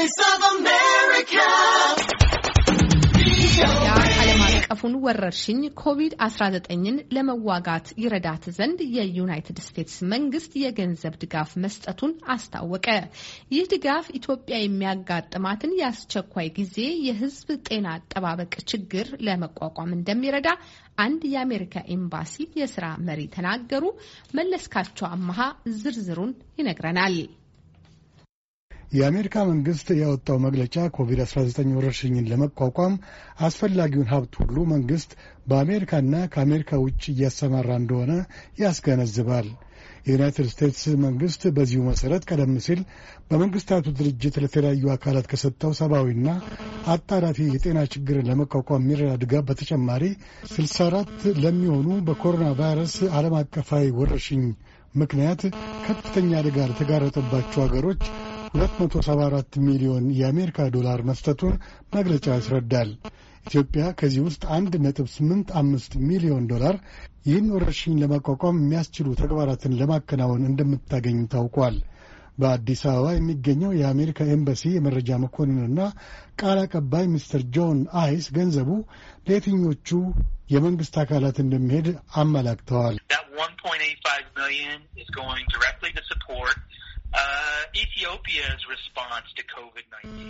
Voice ዓለም አቀፉን ወረርሽኝ ኮቪድ-19ን ለመዋጋት ይረዳት ዘንድ የዩናይትድ ስቴትስ መንግስት የገንዘብ ድጋፍ መስጠቱን አስታወቀ። ይህ ድጋፍ ኢትዮጵያ የሚያጋጥማትን የአስቸኳይ ጊዜ የሕዝብ ጤና አጠባበቅ ችግር ለመቋቋም እንደሚረዳ አንድ የአሜሪካ ኤምባሲ የስራ መሪ ተናገሩ። መለስካቸው አመሃ ዝርዝሩን ይነግረናል። የአሜሪካ መንግስት ያወጣው መግለጫ ኮቪድ-19 ወረርሽኝን ለመቋቋም አስፈላጊውን ሀብት ሁሉ መንግስት በአሜሪካና ከአሜሪካ ውጭ እያሰማራ እንደሆነ ያስገነዝባል። የዩናይትድ ስቴትስ መንግስት በዚሁ መሠረት ቀደም ሲል በመንግስታቱ ድርጅት ለተለያዩ አካላት ከሰጠው ሰብአዊና አጣዳፊ የጤና ችግርን ለመቋቋም የሚረዳ ድጋፍ በተጨማሪ 64 ለሚሆኑ በኮሮና ቫይረስ ዓለም አቀፋዊ ወረርሽኝ ምክንያት ከፍተኛ አደጋ ለተጋረጠባቸው አገሮች 274 ሚሊዮን የአሜሪካ ዶላር መስጠቱን መግለጫው ያስረዳል። ኢትዮጵያ ከዚህ ውስጥ 1.85 ሚሊዮን ዶላር ይህን ወረርሽኝ ለማቋቋም የሚያስችሉ ተግባራትን ለማከናወን እንደምታገኝ ታውቋል። በአዲስ አበባ የሚገኘው የአሜሪካ ኤምባሲ የመረጃ መኮንንና ቃል አቀባይ ሚስተር ጆን አይስ ገንዘቡ ለየትኞቹ የመንግስት አካላት እንደሚሄድ አመላክተዋል።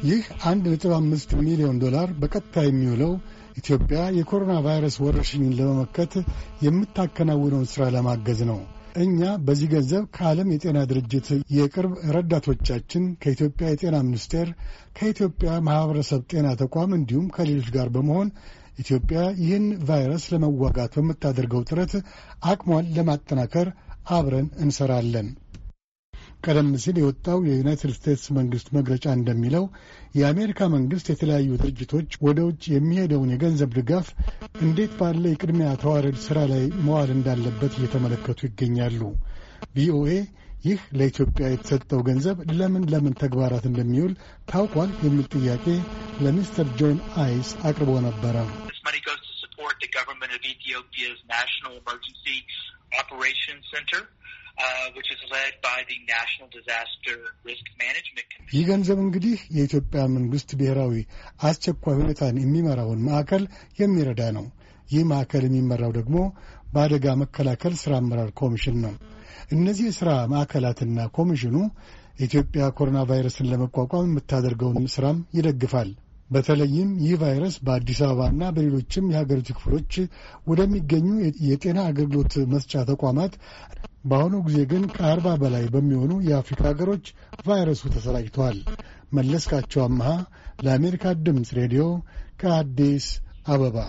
ይህ አንድ ነጥብ አምስት ሚሊዮን ዶላር በቀጥታ የሚውለው ኢትዮጵያ የኮሮና ቫይረስ ወረርሽኝን ለመመከት የምታከናውነውን ሥራ ለማገዝ ነው። እኛ በዚህ ገንዘብ ከዓለም የጤና ድርጅት የቅርብ ረዳቶቻችን፣ ከኢትዮጵያ የጤና ሚኒስቴር፣ ከኢትዮጵያ ማኅበረሰብ ጤና ተቋም እንዲሁም ከሌሎች ጋር በመሆን ኢትዮጵያ ይህን ቫይረስ ለመዋጋት በምታደርገው ጥረት አቅሟን ለማጠናከር አብረን እንሰራለን። ቀደም ሲል የወጣው የዩናይትድ ስቴትስ መንግስት መግለጫ እንደሚለው የአሜሪካ መንግስት የተለያዩ ድርጅቶች ወደ ውጭ የሚሄደውን የገንዘብ ድጋፍ እንዴት ባለ የቅድሚያ ተዋረድ ስራ ላይ መዋል እንዳለበት እየተመለከቱ ይገኛሉ። ቪኦኤ ይህ ለኢትዮጵያ የተሰጠው ገንዘብ ለምን ለምን ተግባራት እንደሚውል ታውቋል የሚል ጥያቄ ለሚስተር ጆን አይስ አቅርቦ ነበረ። Uh, ይህ ገንዘብ እንግዲህ የኢትዮጵያ መንግስት ብሔራዊ አስቸኳይ ሁኔታን የሚመራውን ማዕከል የሚረዳ ነው። ይህ ማዕከል የሚመራው ደግሞ በአደጋ መከላከል ሥራ አመራር ኮሚሽን ነው። እነዚህ የስራ ማዕከላትና ኮሚሽኑ ኢትዮጵያ ኮሮና ቫይረስን ለመቋቋም የምታደርገውን ሥራም ይደግፋል። በተለይም ይህ ቫይረስ በአዲስ አበባና በሌሎችም የሀገሪቱ ክፍሎች ወደሚገኙ የጤና አገልግሎት መስጫ ተቋማት በአሁኑ ጊዜ ግን ከአርባ በላይ በሚሆኑ የአፍሪካ ሀገሮች ቫይረሱ ተሰራጭተዋል። መለስካቸው አመሃ ለአሜሪካ ድምፅ ሬዲዮ ከአዲስ አበባ